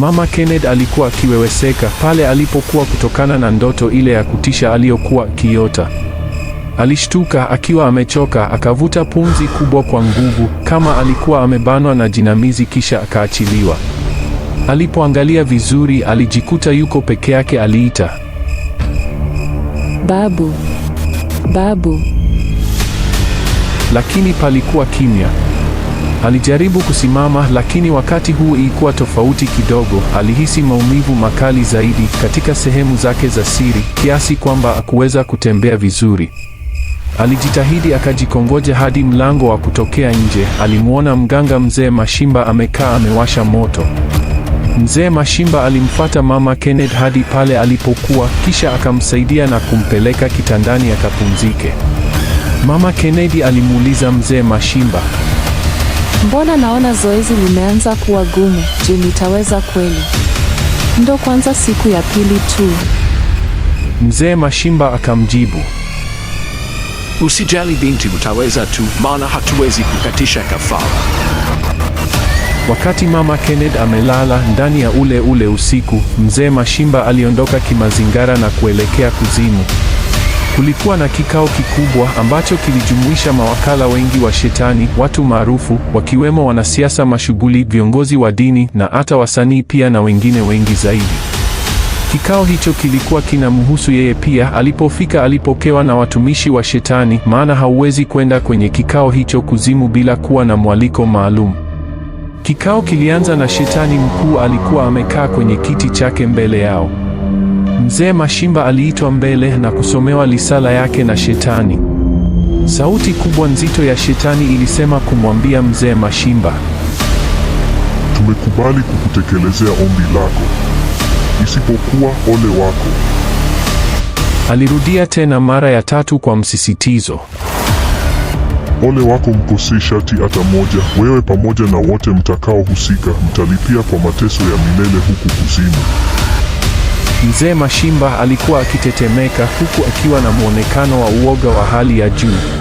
Mama Kennedy alikuwa akiweweseka pale alipokuwa kutokana na ndoto ile ya kutisha aliyokuwa kiota. Alishtuka akiwa amechoka, akavuta pumzi kubwa kwa nguvu kama alikuwa amebanwa na jinamizi, kisha akaachiliwa. Alipoangalia vizuri, alijikuta yuko peke yake. Aliita, babu, babu, lakini palikuwa kimya. Alijaribu kusimama, lakini wakati huu ilikuwa tofauti kidogo. Alihisi maumivu makali zaidi katika sehemu zake za siri kiasi kwamba hakuweza kutembea vizuri. Alijitahidi akajikongoja hadi mlango wa kutokea nje. Alimwona mganga mzee Mashimba amekaa amewasha moto. Mzee Mashimba alimfata mama Kenneth hadi pale alipokuwa, kisha akamsaidia na kumpeleka kitandani akapumzike. Mama Kennedy alimuuliza mzee Mashimba, Mbona naona zoezi limeanza kuwa gumu? Je, nitaweza kweli? Ndo kwanza siku ya pili tu. Mzee Mashimba akamjibu, usijali binti, utaweza tu, maana hatuwezi kukatisha kafara. Wakati mama Kennedy amelala ndani ya ule ule usiku, mzee Mashimba aliondoka kimazingara na kuelekea kuzimu. Kulikuwa na kikao kikubwa ambacho kilijumuisha mawakala wengi wa Shetani, watu maarufu wakiwemo wanasiasa mashughuli, viongozi wa dini na hata wasanii pia na wengine wengi zaidi. Kikao hicho kilikuwa kinamhusu yeye pia. Alipofika alipokewa na watumishi wa Shetani, maana hauwezi kwenda kwenye kikao hicho kuzimu bila kuwa na mwaliko maalum. Kikao kilianza na Shetani mkuu alikuwa amekaa kwenye kiti chake mbele yao. Mzee Mashimba aliitwa mbele na kusomewa risala yake na Shetani. Sauti kubwa nzito ya Shetani ilisema kumwambia Mzee Mashimba, tumekubali kukutekelezea ombi lako, isipokuwa ole wako. Alirudia tena mara ya tatu kwa msisitizo, ole wako mkosei shati hata moja. Wewe pamoja na wote mtakaohusika mtalipia kwa mateso ya milele huku kuzimu. Mzee Mashimba alikuwa akitetemeka huku akiwa na mwonekano wa uoga wa hali ya juu.